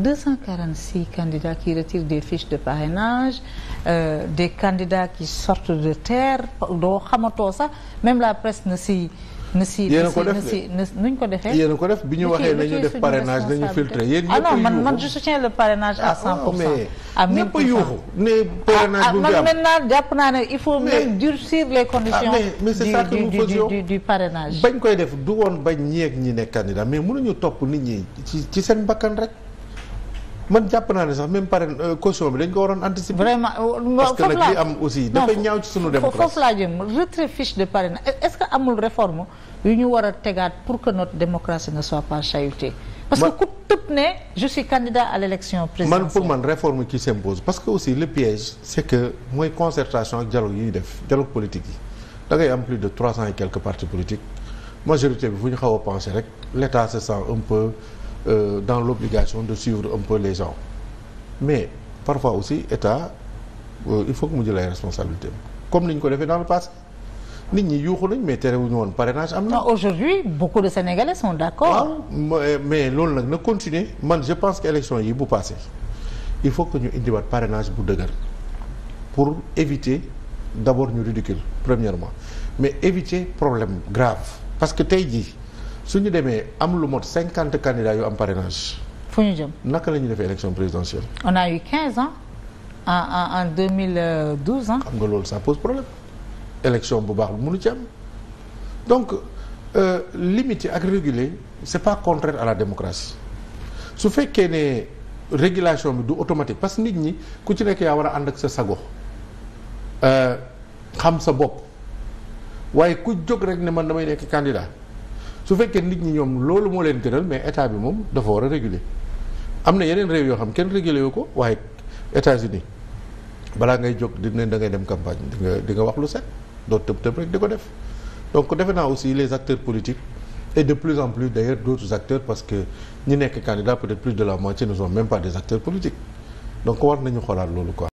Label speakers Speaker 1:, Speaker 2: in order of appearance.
Speaker 1: 246 candidats qui retirent des fiches de parrainage euh, des candidats qui sortent de terre doo xamatoo sax même la presse na si na si na si nuñ ko defee yéen ko def bi ñu waxee nañu def parrainage nañu filtré yéen ñëpp ah non man man je soutiens à 100 ah, pour cent à 1000 pour cent yuuxu ne parrainage ah, bu ah, am man maintenant jàpp naa ne il faut même durcir les conditions mais c'est ça du parrainage
Speaker 2: bañ koy def du woon bañ ñeeg ñi nekk candidat mais mënuñu topp nit ñi ci ci seen bakkan rek man jàpp naa ne sax même par euh, caution bi dañ ko waroon anticiper. vraiment euh, parce que nag li am aussi. dafay ñaaw ci sunu démocratie foofu laa
Speaker 1: jëm retrait fiche de parrainage est-ce que amul réforme yu ñu war a tegaat pour que notre démocratie ne soit pas chahutée. parce que ku tëb ne je candidat à l'élection présidentielle. man pour man
Speaker 2: réforme qui s'impose parce que aussi le piège c'est que mooy concertation ak dialogue yi ñuy def dialogue politique yi da ngay am plus de trois cent et quelques parti politiques majorité bi fu ñu xaw a penché rek l'État se euh, dans l'obligation de suivre un peu les gens mais parfois aussi état euh, il faut que mu jël ay responsabilité comme ni ñu ko defee dans le passé nit ñi yuuxu nañ mais terewuñu woon parrainage am
Speaker 1: na. aujourd'hui beaucoup de sénégalais son d'accord.
Speaker 2: waaw mais loolu nag na continuer man je pense que élection yi bu passé il faut que ñu indiwaat parrainage bu dëgër pour éviter d'abord ñu ridicule premièrement mais éviter problème grave parce que tey jii. su ñu demee am lu mot cinquante candidats yu am parrainage. fu ñu jëm naka la ñuy defee élection présidentielle.
Speaker 1: on a eu quinze ans en en en mille douze ans.
Speaker 2: xam nga loolu ça pose problème élection bu baax mënu ci am donc euh, limiter ak réguler c' est pas contraire à la démocratie su fekkee ne. régulation bi du automatique parce que nit ñi ku ci nekk yaa war a ànd ak sa sago euh, xam sa bopp waaye ku jóg rek ne man damay nekk candidat su fekkee nit ñi ñoom loolu moo leen gënal mais état bi moom dafa war a réguler am na yeneen réew yoo xam kenn réguler wu ko waaye États-Unis balaa ngay jóg di ne da ngay dem campagne di nga wax lu set doo tëb tëb rek di ko def donc defe naa aussi les acteurs politiques et de plus en plus d'ailleurs d'autres acteurs parce que ñi nekk candidat peut-être plus de la moitié ne sont même pas des acteurs politiques donc war nañu xoolaat loolu quoi